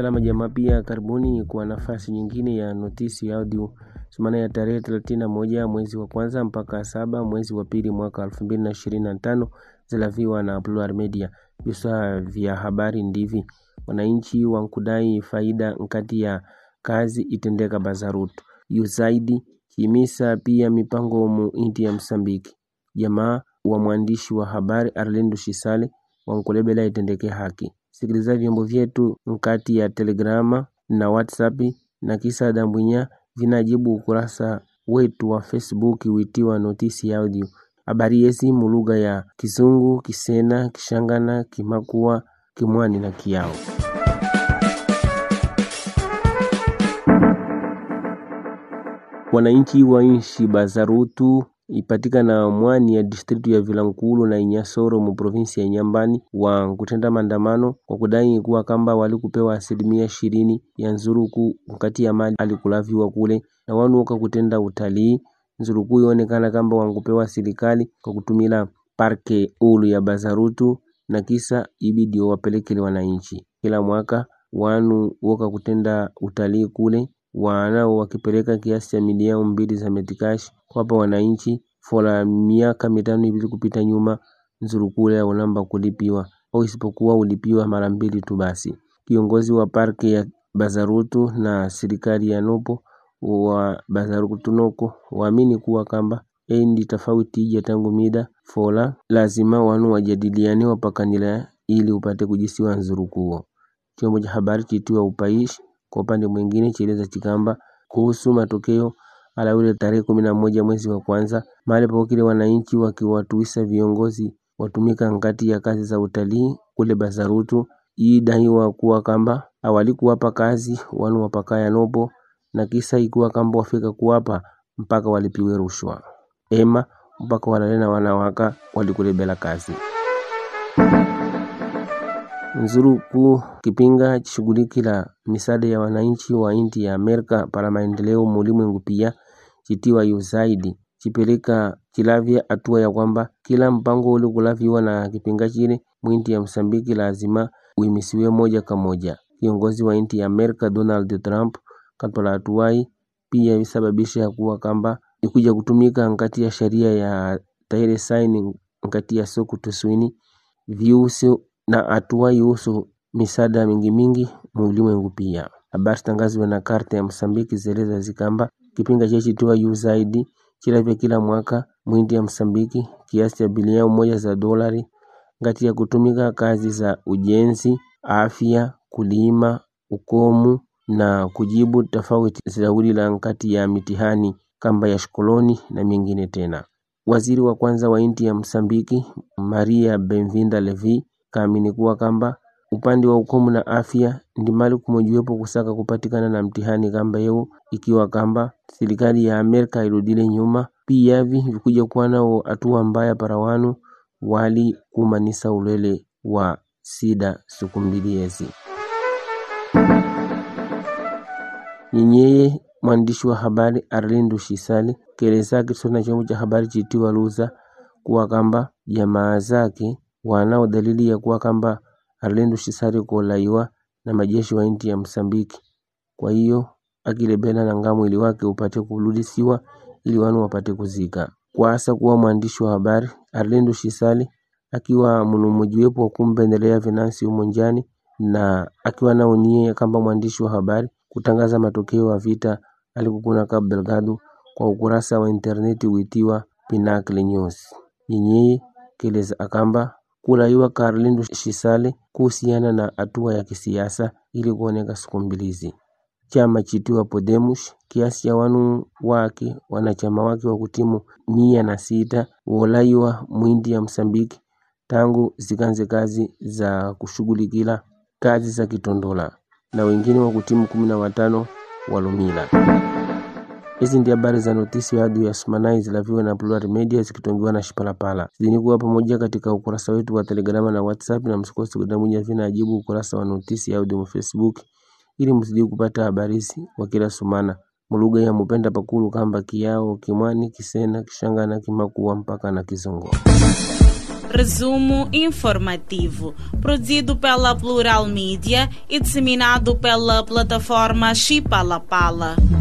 salama jamaa pia karibuni kwa nafasi nyingine ya notisi ya audio sumana ya tarehe 31 mwezi wa kwanza mpaka saba mwezi wa pili mwaka 2025 zilaviwa na Plural Media. Visa vya habari ndivi: wananchi wankudai faida nkati ya kazi itendeka Bazarutu, USAID kimisa pia mipango mu inti ya Msambiki, jamaa wa mwandishi wa habari Arlindo Shisale wankulebela itendeke haki sikiliza vyombo vyetu nkati ya Telegrama na Whatsapp na kisa Dambunya vinajibu ukurasa wetu wa Facebook witiwa Notisi ya Audio habari yesi mulugha ya Kisungu, Kisena, Kishangana, Kimakua, Kimwani na Kiao. Wananchi wa nshi Bazarutu ipatikana mwani ya distritu ya Vilankulu na Inyasoro mu provinsi ya Nyambani wa kutenda maandamano kwa kudai kuwa kamba walikupewa asilimia ishirini ya nzuruku nkati ya mali alikulaviwa kule na wanuoka kutenda utalii nzuruku ionekana kamba wangupewa serikali kwa kutumila parke ulu ya Bazarutu na kisa ibidi wapelekele wananchi kila mwaka wanu woka kutenda utalii kule wana wakipeleka kiasi cha milioni mbili za Medcash kuwapa wananchi fora miaka mitano kupita nyuma nzurukule au kulipiwa au isipokuwa ulipiwa mara mbili tu basi. Kiongozi wa parki ya Bazarutu na serikali ya Nopo wa Bazarutu Noko waamini kuwa kamba endi tofauti ija tangu mida fola lazima wanu wajadiliane wapakanila ili upate kujisiwa nzurukuo. Chombo cha habari kitiwa upaishi kwa upande mwingine, Chieleza Chikamba kuhusu matokeo Alaure tarehe kumi na moja mwezi wa kwanza, mahali kile wananchi wakiwatuisa viongozi watumika nkati ya kazi za utalii kule Basarutu, idaiwa kuwa kamba awalikuwapa kazi wanu ya nopo na kisa ikuwa kamba wafika kuwapa mpaka walipiwe rushwa ema mpaka walale na wanawaka walikulebela kazi nzuru ku kipinga chishughulikila la misaada ya wananchi wa inti ya Amerika para maendeleo mulimwengu pia chitiwa USAID chipeleka chilavya hatua ya kwamba kila mpango uli kulaviwa na kipinga chile mwinti ya Msambiki lazima uimisiwe moja kwa moja. Kiongozi wa inti ya Amerika Donald Trump katola hatuwai pia visababisha kuwa kamba ikuja kutumika nkati ya sheria ya taire saini nkati ya soko tuswini viusi na ihusu misaada mingimingi mu ulimwengu pia. Habari tangazwe na karta ya Msambiki zeleza zikamba kipinga chechi tuwa zaidi chila vya kila mwaka mwindi ya Msambiki kiasi cha bilioni moja za dolari ngati ya kutumika kazi za ujenzi, afya, kulima, ukomu na kujibu tofauti la nkati ya mitihani kamba ya shkoloni na mingine tena. Waziri wa kwanza wa inti ya Msambiki Maria Benvinda Levi kuwa kamba upande wa ukomu na afya ndi mali kumojiwepo kusaka kupatikana na mtihani kamba yewu ikiwa kamba sirikali ya Amerika iludile nyuma pi yavi vikuja kuwa nawo atuwa mbaya para wanu wali kumanisa ulwele wa sida siku mbili yezi nyenyeye mwandishi wa habari Arlindo Shisali kelezaki so chombo cha habari chitiwa Luza kuwa kamba jamaa zake wanao dalili ya kuwa kamba Arlindo Shisari kuolaiwa na majeshi wa inti ya Msambiki. Kwa hiyo akilebela na ngamu ili wake upate siwa ili wanu wapate kuzika. Kwa asa kuwa mwandishi wa habari Arlindo Shisali akiwa mnumujiwepo wa kumbendelea Venansi Umonjani na akiwa nao nie kamba mwandishi wa habari kutangaza matokeo ya vita alikukuna Cabo Delgado kwa ukurasa wa interneti uitiwa Pinnacle News. Nyinyi keleza akamba kulaiwa Karlindu Shisale kuhusiana na hatua ya kisiasa kuoneka siku mbilizi Chama chitiwa Podemos kiasi cha wanu wake wanachama wake wa kutimu mia na sita wolaiwa mwindi ya Msambiki tangu zikanze kazi za kushughulikila kazi za kitondola na wengine wa kutimu kumi na watano walumila Hizi ndio habari za notisi ya audio ya sumanai la na Plural Media zikitongiwa na Shipalapala. Zidini kuwa pamoja katika ukurasa wetu wa Telegram na WhatsApp na msikose kudamuja vina ajibu ukurasa wa notisi ya audio wa Facebook ili msidi kupata habari hizi kwa kila sumana mulugha ya mupenda pakulu kamba kiyao kimwani kisena kishanga na kimakuwa mpaka na kizungo Resumo informativo, produzido pela Plural Media e disseminado pela plataforma Chipalapala. Pala.